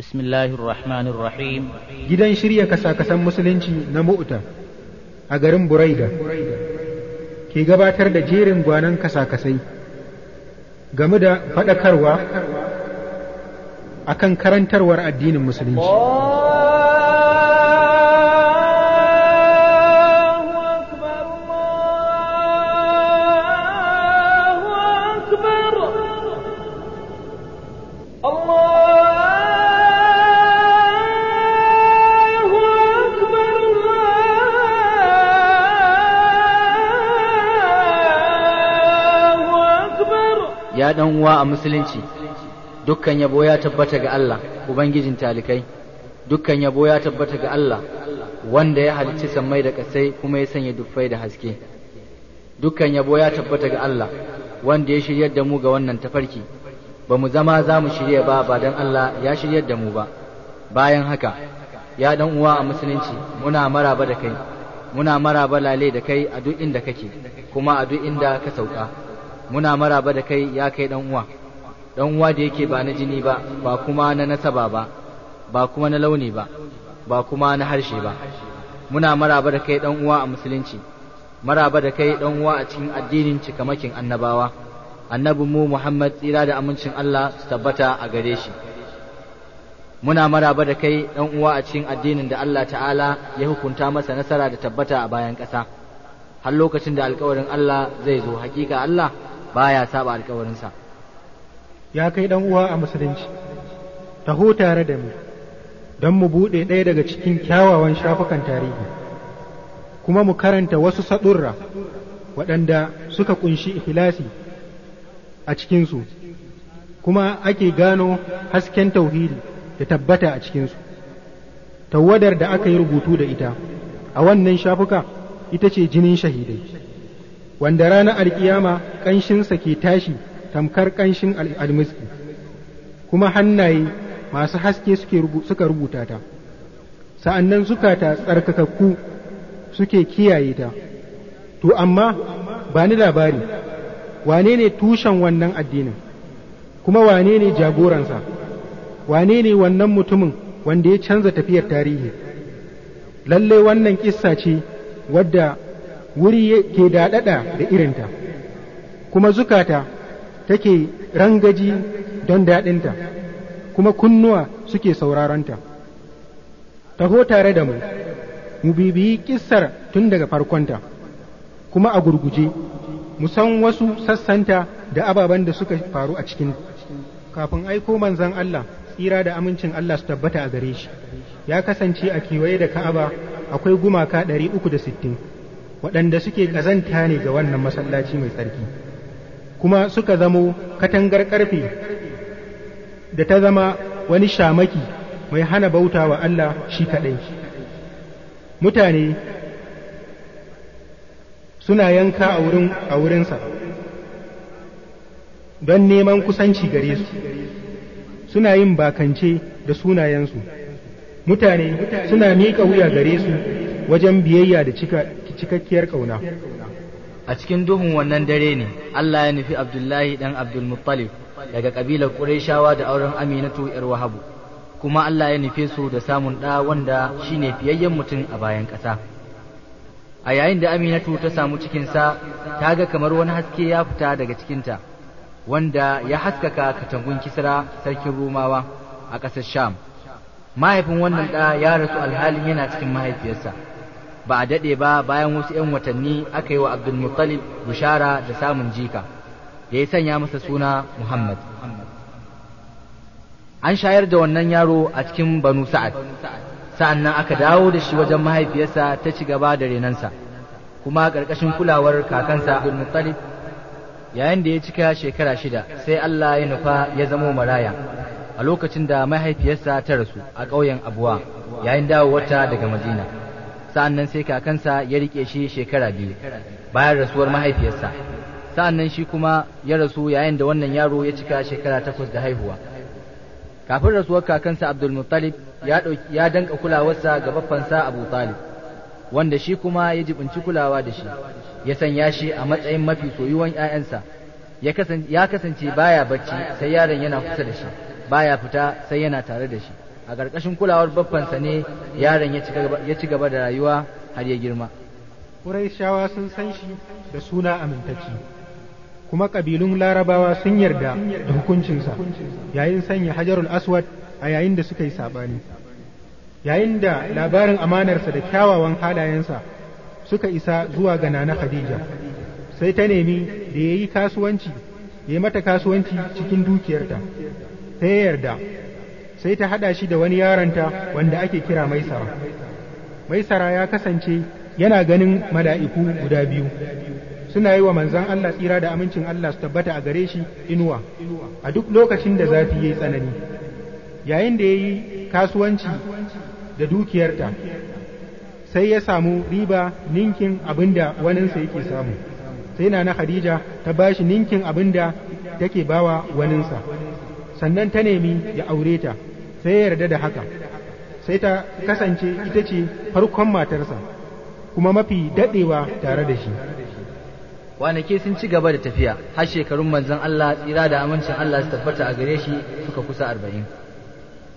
Bismillahirrahmanirrahim. Gidan shirya kasakasan musulunci na Mu'ta a garin Buraida ke gabatar da jerin gwanan kasakasai game da faɗakarwa akan karantarwar addinin musulunci. Oh! ya ɗan uwa a musulunci dukkan yabo ya tabbata ga Allah ubangijin talikai dukkan yabo ya tabbata ga Allah wanda ya halicci sammai da kasai kuma ya sanya duffai da haske dukkan yabo ya tabbata ga Allah wanda ya shiryar da mu ga wannan tafarki ba mu zama za mu shirya ba ba don Allah ya shiryar da mu ba bayan haka ya dan uwa a musulunci muna maraba da kai muna maraba lale da kai a duk inda kake kuma a duk inda ka sauka muna maraba da kai ya kai dan uwa dan uwa da yake ba na jini ba ba kuma na nasaba ba ba kuma na launi ba ba kuma na harshe ba muna maraba da kai dan uwa a musulunci maraba da kai dan uwa a cikin addinin cikamakin annabawa annabin mu Muhammad tsira da amincin Allah su tabbata a gare shi muna maraba da kai dan uwa a cikin addinin da Allah ta'ala ya hukunta masa nasara da tabbata a bayan ƙasa har lokacin da alƙawarin Allah zai zo hakika Allah baya saba sa. ya kai dan uwa a musulunci taho tare da mu don mu buɗe ɗaya daga cikin kyawawan shafukan tarihi kuma mu karanta wasu saɗurra waɗanda suka ƙunshi ikhlasi a cikinsu kuma ake gano hasken tauhidi da tabbata a cikinsu tawadar da aka yi rubutu da ita a wannan shafuka ita ce jinin shahidai wanda ranar alkiyama ƙanshinsa ke tashi tamkar ƙanshin almiski kuma hannaye masu haske suka rubuta ta sa'annan zukata tsarkakakku suke kiyaye ta to amma ba ni labari wane ne tushen wannan addinin kuma wane ne jagoransa wane ne wannan mutumin wanda ya canza tafiyar tarihi lalle wannan kissa ce wadda wuri ke daɗaɗa da irinta kuma zukata take rangaji don daɗinta kuma kunnuwa suke sauraronta taho tare da mu mu bibiyi kissar tun daga farkonta kuma a gurguje mu san wasu sassanta da ababen da suka faru a cikin kafin aiko manzan Allah tsira da amincin Allah su tabbata a gare shi ya kasance a kewaye da ka'aba akwai gumaka ɗari uku da sittin. waɗanda suke ƙazanta ne ga wannan masallaci mai tsarki kuma suka zamo katangar ƙarfe da ta zama wani shamaki mai hana bauta wa Allah shi kaɗai mutane suna yanka a wurinsa don neman kusanci gare su suna yin bakance da sunayensu mutane suna miƙa wuya gare su wajen biyayya da cika cikakkiyar ƙauna a cikin duhun wannan dare ne Allah ya nufi Abdullahi dan Abdul Muttalib daga kabilar Qurayshawa da auren Aminatu yar Wahabu kuma Allah ya nufe su da samun ɗa wanda shine fiyayyen mutum a bayan ƙasa a yayin da Aminatu ta samu cikinsa ta ga kamar wani haske ya fita daga cikinta wanda ya haskaka katangun Kisra sarkin Rumawa a ƙasar Sham mahaifin wannan ɗa ya rasu alhalin yana cikin mahaifiyarsa ba a daɗe ba bayan wasu 'yan watanni aka yi wa abdulmuttalib bishara da samun jika Ya yi sanya masa suna muhammad an shayar da wannan yaro a cikin banu sa'ad sa'an aka dawo da shi wajen mahaifiyarsa ta ci gaba da renansa kuma ƙarƙashin kulawar kakansa abdulmuttalib yayin da ya cika shekara shida sai allah ya nufa ya zamo maraya a lokacin da mahaifiyarsa ta rasu a ƙauyen abuwa yayin dawowarta daga madina sa'annan sai kakansa ya rike shi shekara biyu bayan rasuwar mahaifiyarsa sa'annan shi kuma ya rasu yayin da wannan yaro ya cika shekara takwas da haihuwa kafin rasuwar kakansa abdul muttalib ya danka kulawarsa ga baffansa abu talib wanda shi kuma ya jibinci kulawa da shi ya sanya shi a matsayin mafi soyuwan 'ya'yansa ya kasance baya bacci sai yaron yana kusa da shi baya fita sai yana tare da shi a ƙarƙashin kulawar baffansa ne yaron ya ci gaba da rayuwa har ya girma Kuraishawa sun san shi da suna amintacci kuma ƙabilun larabawa sun yarda da hukuncinsa yayin sanya hajarul aswad a yayin da suka yi saɓani yayin da labarin amanarsa da kyawawan halayensa suka isa zuwa ga nana khadija sai ta nemi da ya yi kasuwanci ya yi mata kasuwanci cikin dukiyarta ta yarda sai ta haɗa shi da wani yaronta wanda ake kira maisara maisara ya kasance yana ganin mala'iku guda biyu suna yi wa manzan Allah tsira da amincin Allah su tabbata a gare shi inuwa a duk lokacin da zafi ya yi tsanani yayin da ya yi kasuwanci da dukiyarta sai ya samu riba ninkin abin da waninsa yake samu sai na na Khadija ta ba shi ninkin abin da take bawa waninsa sannan ta nemi ya aure ta sai ya yarda da haka sai ta kasance ita ce farkon matarsa kuma mafi dadewa tare da shi kwanaki sun ci gaba da tafiya har shekarun manzon Allah tsira da amincin Allah su tabbata a gare shi suka kusa arba'in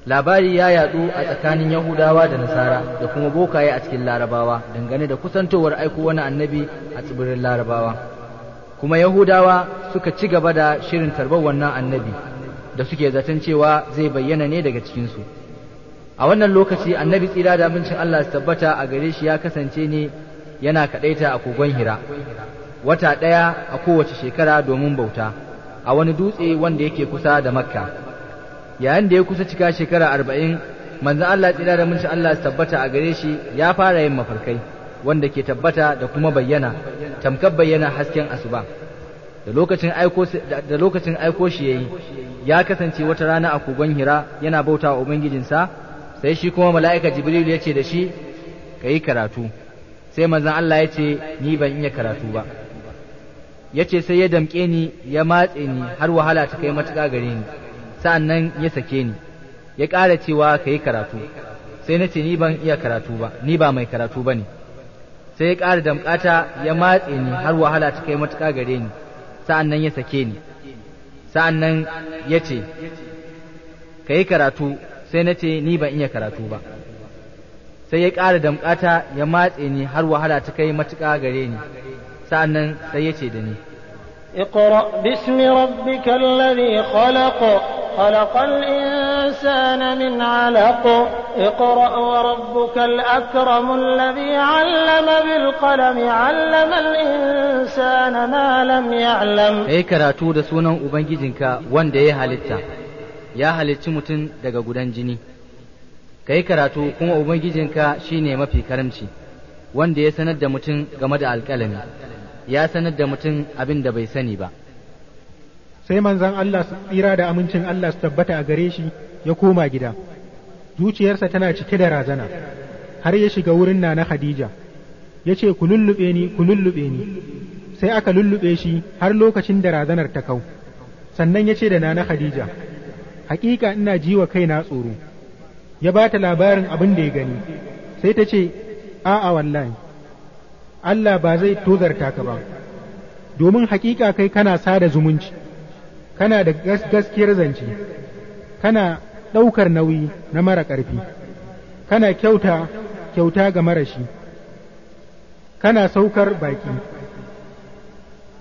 labari ya yadu a tsakanin yahudawa da nasara da kuma bokaye a cikin larabawa dangane da kusantowar aiko wani annabi a tsibirin larabawa kuma yahudawa suka ci gaba da shirin tarbar wannan annabi da suke zaton cewa zai bayyana ne daga cikinsu a wannan lokaci annabi tsira da amincin Allah su tabbata a gare shi ya kasance ne yana kaɗaita a kogon hira wata ɗaya a kowace shekara domin bauta a wani dutse wanda yake kusa da makka yayin da ya kusa cika shekara arba'in manzan Allah tsira da amincin Allah su tabbata a gare shi ya fara yin mafarkai wanda ke tabbata da kuma bayyana tamkar bayyana hasken asuba da lokacin aiko da lokacin aiko shi yayi ya kasance wata rana a kogon Hira yana bauta wa ubangijinsa sai shi kuma mala'ika Jibril ya ce da shi kai karatu sai manzon Allah ya ce ni ban iya karatu ba ya ce sai ya damƙe ni ya matse ni har wahala ta kai matuƙa gare ni sa'annan ya sake ni ya ƙara cewa ka yi karatu sai na ce ni ban iya karatu ba ni ba mai karatu ba ne sai ya ƙara damƙata ya matse ni har wahala ta kai matuƙa gare ni sa'an nan ya sake ni sa'an nan ya ce ka yi karatu sai na ce ni ban iya karatu ba sai ya ƙara damƙata ya matse ni har wahala ta kai matuƙa gare ni sa'an nan sai ya ce da ni اقرأ bismi ربك الذي الإنسان من علق اقرأ وربك الأكرم الذي علم بالقلم علم الإنسان ما لم يعلم أي كراتو da sunan ubangijinka wanda ya halitta ya halicci mutum daga gudan jini kai karatu kuma ubangijinka shine mafi karamci wanda ya sanar da mutum game da alƙalami ya sanar da mutum abin da bai sani ba sai manzon Allah tsira da amincin Allah su tabbata a gare shi ya koma gida zuciyarsa tana cike da razana har ya shiga wurin na na Khadija ya ce ku lullube ni ku lullube ni sai aka lullube shi har lokacin da razanar ta kau sannan ya ce da nana Khadija hakika ina ji wa kaina tsoro ya ba ta labarin abin da ya gani sai ta ce a'a wallahi Allah ba zai tozarta ka ba domin hakika kai kana sada zumunci kana da gaskiyar zance kana ɗaukar nauyi na mara ƙarfi kana kyauta kyauta ga marashi kana saukar baƙi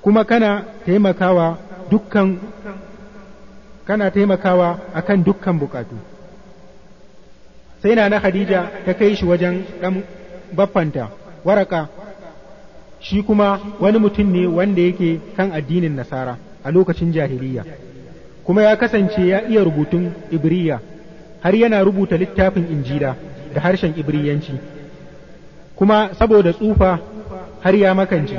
kuma kana taimakawa dukkan kana taimakawa akan dukkan bukatu sai na na Khadija ta kai shi wajen ɗan baffanta waraka shi kuma wani mutum ne wanda yake kan addinin nasara a lokacin jahiliya kuma ya kasance ya iya rubutun ibriya har yana rubuta littafin injila da harshen ibriyanci kuma saboda tsufa har ya makance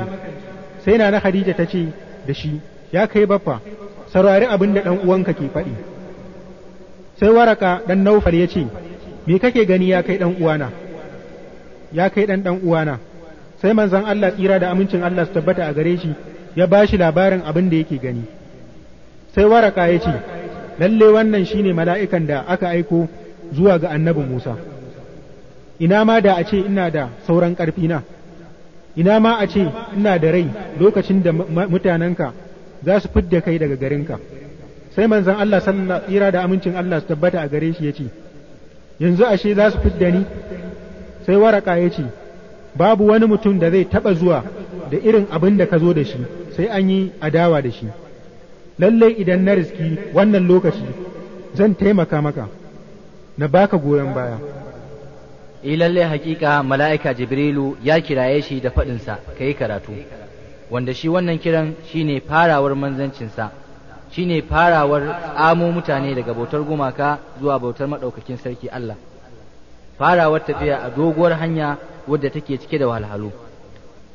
sai na Khadija ta ce da shi ya kai baffa saurari abin da ɗan uwanka ke faɗi sai waraka ɗan naufar ya ce me kake gani ya kai ɗan uwana ya kai ɗan ɗan uwana sai manzon Allah tsira da amincin Allah su tabbata a gare shi ya ba shi labarin abin da yake gani sai waraka ya ce lalle wannan shine mala'ikan da aka aiko zuwa ga annabin Musa ina ma da a ce ina da sauran ƙarfi na ina ma a ce ina da rai lokacin da mutanenka za su fidda kai daga garinka sai manzon Allah sallallahu tsira da amincin Allah su tabbata a gare shi ya ce yanzu ashe za su fidda ni sai waraka ya ce babu wani mutum da zai taɓa zuwa da irin abin da ka zo da shi sai an yi adawa da shi lallai idan na riski wannan lokaci zan taimaka maka na baka goyon baya eh lallai hakika mala'ika jibrilu ya kiraye shi da faɗinsa sa yi karatu wanda shi wannan kiran shine farawar manzancinsa shine farawar amo mutane daga bautar gumaka zuwa bautar maɗaukakin sarki Allah farawar tafiya a doguwar hanya wadda take cike da wahalhalu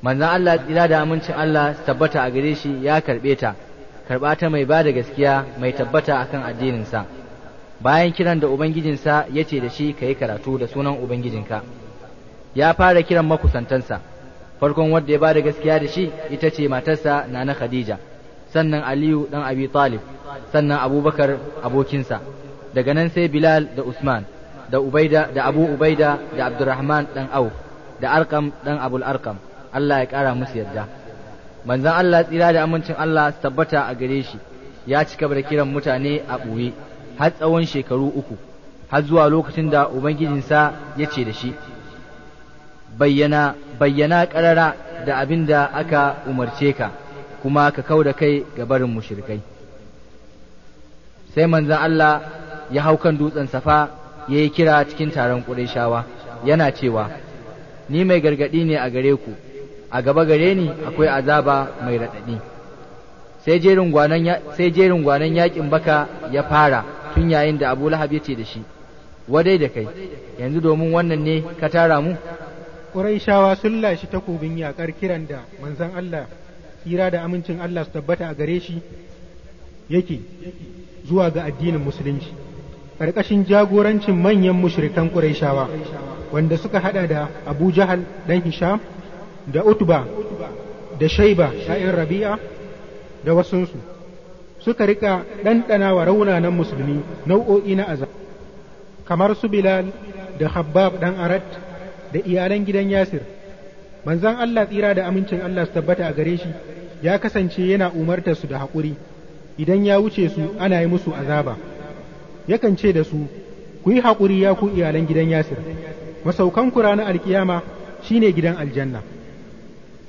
manzon Allah tsira da amincin Allah tabbata a gare shi ya karɓe ta karɓa ta mai ba da gaskiya mai tabbata akan addininsa bayan kiran da ubangijinsa ya ce da shi ka yi karatu da sunan ubangijinka ya fara kiran makusantansa farkon wanda ya ba da gaskiya da shi ita ce matarsa nana khadija sannan aliyu dan abi talib sannan abubakar abokinsa daga nan sai bilal da usman da ubaida da abu ubaida da abdurrahman dan auf da arkam dan abul arkam allah ya kara musu yadda Manzan Allah tsira da amincin Allah tabbata a gare shi ya cika da kiran mutane a ɓoye har tsawon shekaru uku har zuwa lokacin da ubangijinsa ya ce da shi bayyana bayyana ƙarara da abin da aka umarce ka kuma ka kau da kai ga barin mushrikai sai manzan Allah ya hau kan dutsen safa ya yi kira cikin taron shawa, yana cewa ni mai gargaɗi ne a gare ku a gaba gare ni akwai azaba mai raɗaɗi sai jerin gwanan yaƙin baka ya fara tun yayin da Abu Lahab ya ce da shi wadai da kai yanzu domin wannan ne ka tara mu Quraishawa sun lashi takobin yaƙar kiran da manzan Allah tsira da amincin Allah su tabbata a gare shi yake zuwa ga addinin musulunci ƙarƙashin jagorancin manyan mushrikan Qurayshawa wanda suka haɗa da Abu Jahal dan Hisham da utba da shaiba ‘ya'yan rabi'a da wasunsu suka rika ɗanɗana wa raunanan musulmi nau'o'i na azab kamar su bilal da habbab ɗan arat da iyalan gidan yasir manzon Allah tsira da amincin Allah su tabbata a gare shi ya kasance yana umartar su da haƙuri idan ya wuce su ana yi musu azaba yakan ce da su ku yi haƙuri ya ku iyalan gidan yasir masaukan ranar alkiyama shine gidan aljanna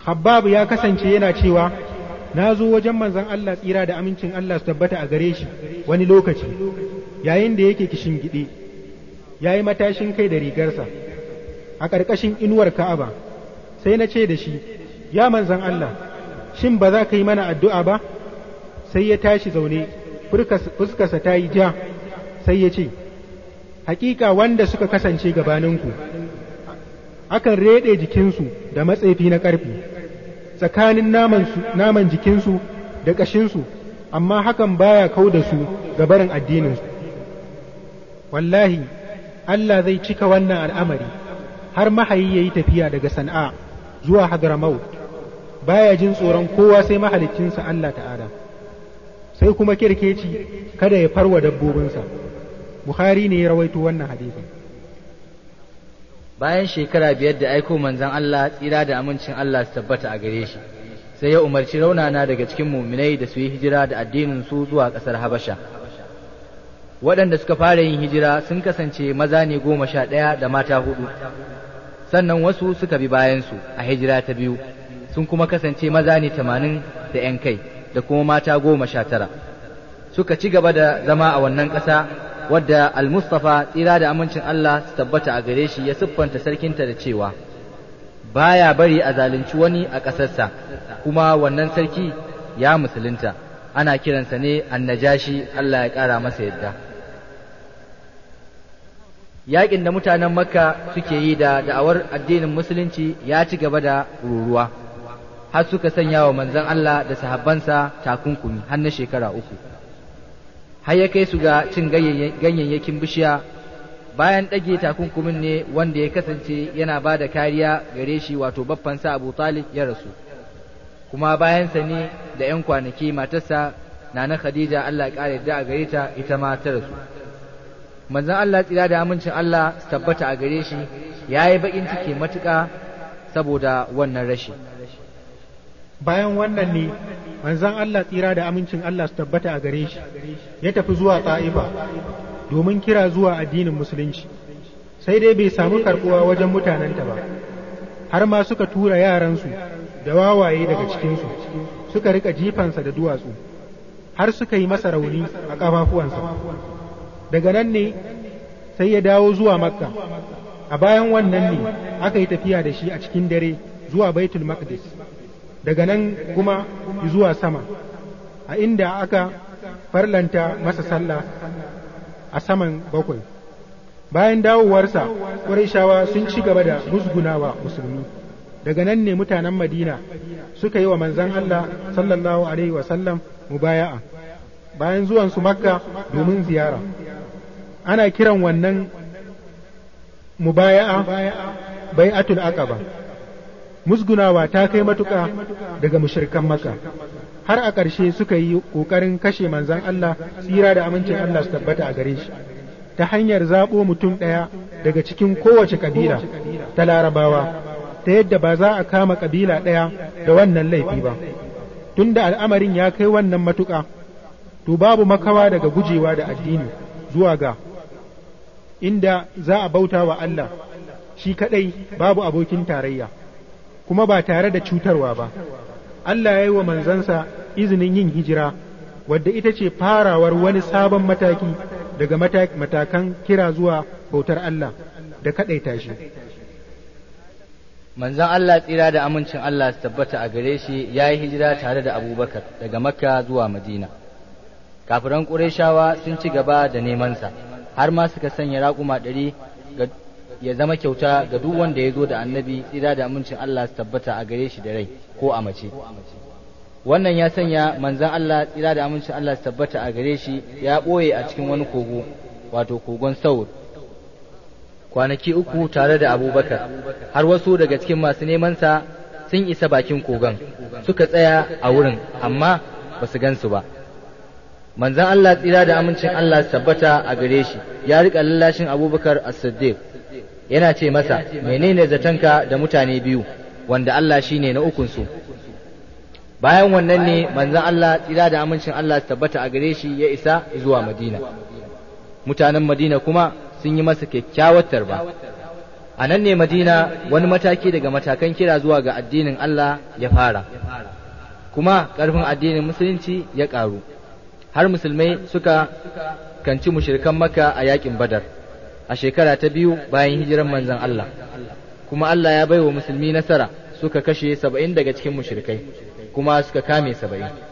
habbab ya kasance yana cewa na zo wajen manzon Allah tsira da amincin Allah su tabbata a gare shi wani lokaci yayin da yake kishin gide ya yi matashin kai da rigarsa a ƙarƙashin inuwar ka'aba sai na ce da shi ya manzan Allah shin ba za ka yi mana addu'a ba sai ya tashi zaune fuskarsa ta yi ja sai ya ce hakika wanda suka kasance gabaninku akan reɗe jikinsu da matsefi na ƙarfi tsakanin naman jikinsu da ƙashinsu amma hakan baya kau da su ga barin addininsu wallahi Allah zai cika wannan al'amari har mahayi ya yi tafiya daga sana'a zuwa hadramau baya jin tsoron kowa sai mahalicinsa Allah ta'ala sai kuma kirkeci kada ya farwa dabbobinsa Bukhari ne ya rawaito wannan hadisin bayan shekara biyar da aiko manzan Allah tsira da amincin Allah su tabbata a gare shi sai ya umarci raunana daga cikin muminai da su yi hijira da addinin su zuwa ƙasar Habasha waɗanda suka fara yin hijira sun kasance maza ne goma sha ɗaya da mata hudu sannan wasu suka bi bayansu a hijira ta biyu sun kuma kasance maza ne tamanin da 'yan kai da kuma mata goma sha tara suka ci gaba da zama a wannan ƙasa wadda al tsira da amincin Allah su tabbata a gare shi ya siffanta sarkinta da cewa baya bari a zalunci wani a ƙasarsa kuma wannan sarki ya musulunta ana kiransa ne annajashi Allah ya ƙara masa yadda yaƙin da mutanen makka suke yi da da'awar addinin musulunci ya ci gaba da ruruwa har suka sanya wa manzon Allah da sahabbansa takunkumi har na shekara uku har ya kai su ga cin ganyayyakin bishiya bayan ɗage takunkumin ne wanda ya kasance yana ba da kariya gare shi wato baffansa abu talib ya rasu kuma bayansa ne da 'yan kwanaki matarsa na na khadija allah ƙara yadda a gare ta ita ma ta rasu manzon allah tsira da amincin allah su tabbata a gare shi ya yi baƙin ciki matuƙa saboda wannan rashi bayan wannan ne manzon Allah tsira da amincin Allah su tabbata a gare shi ya tafi zuwa ta'ifa domin kira zuwa addinin musulunci sai dai bai samu karɓuwa wajen mutanenta ba har ma suka tura yaransu da wawaye daga cikinsu suka rika jifansa da duwatsu har suka yi masa rauni a ƙafafuwansa daga nan ne sai ya dawo zuwa makka a bayan wannan ne aka yi tafiya da shi a cikin dare zuwa baitul maqdis daga nan kuma zuwa sama a inda aka farlanta masa sallah a saman bakwai bayan dawowarsa ƙurashawa sun ci gaba da musgunawa musulmi daga nan ne mutanen madina suka yi wa manzan allah sallallahu alaihi wasallam mubaya'a bayan su makka domin ziyara ana kiran wannan mubaya'a aka ba. musgunawa ta kai matuƙa daga mushirkan maka har a ƙarshe suka yi ƙoƙarin kashe manzan Allah tsira da amincin Allah su tabbata a gare shi ta hanyar zaɓo mutum ɗaya daga cikin kowace kabila ta larabawa ta yadda ba za a kama kabila ɗaya da wannan laifi ba tunda al'amarin ya kai wannan matuƙa to babu makawa daga gujewa da addini zuwa ga inda za a bauta wa Allah shi kaɗai babu abokin tarayya kuma ba tare da cutarwa ba Allah ya yi wa manzansa izinin yin hijira wadda ita ce farawar wani sabon mataki daga matakan kira zuwa bautar Allah da kaɗaita shi manzan Allah tsira da amincin Allah su tabbata a gare shi ya yi hijira tare da abubakar daga makka zuwa madina kafiran ƙur'ashawa sun ci gaba da nemansa har ma suka sanya raƙuma ɗari ga. ya zama kyauta ga duk wanda ya zo da annabi tsira da amincin Allah su tabbata a gare shi da rai ko a mace wannan ya sanya manzan Allah tsira da amincin Allah su tabbata a gare shi ya ɓoye a cikin wani kogo wato kogon saur kwanaki uku tare da abubakar har wasu daga cikin masu nemansa sun isa bakin kogon suka tsaya a wurin amma ba su gansu ba manzan Allah tsira da amincin Allah su tabbata a gare shi ya riƙa lallashin abubakar as-siddiq yana ce masa menene zatonka da mutane biyu wanda Allah shine na ukunsu bayan wannan ne manzon Allah tsira da amincin Allah su tabbata a gare shi ya isa zuwa Madina mutanen Madina kuma sun yi masa kyakkyawar tarba a nan ne Madina wani mataki daga matakan kira zuwa ga addinin Allah ya fara kuma ƙarfin addinin musulunci ya ƙaru har musulmai suka kanci mushirikan maka a yakin badar a shekara ta biyu bayan hijiran manzon Allah kuma Allah ya baiwa musulmi nasara suka kashe saba'in daga cikin mushrikai kuma suka kame saba'in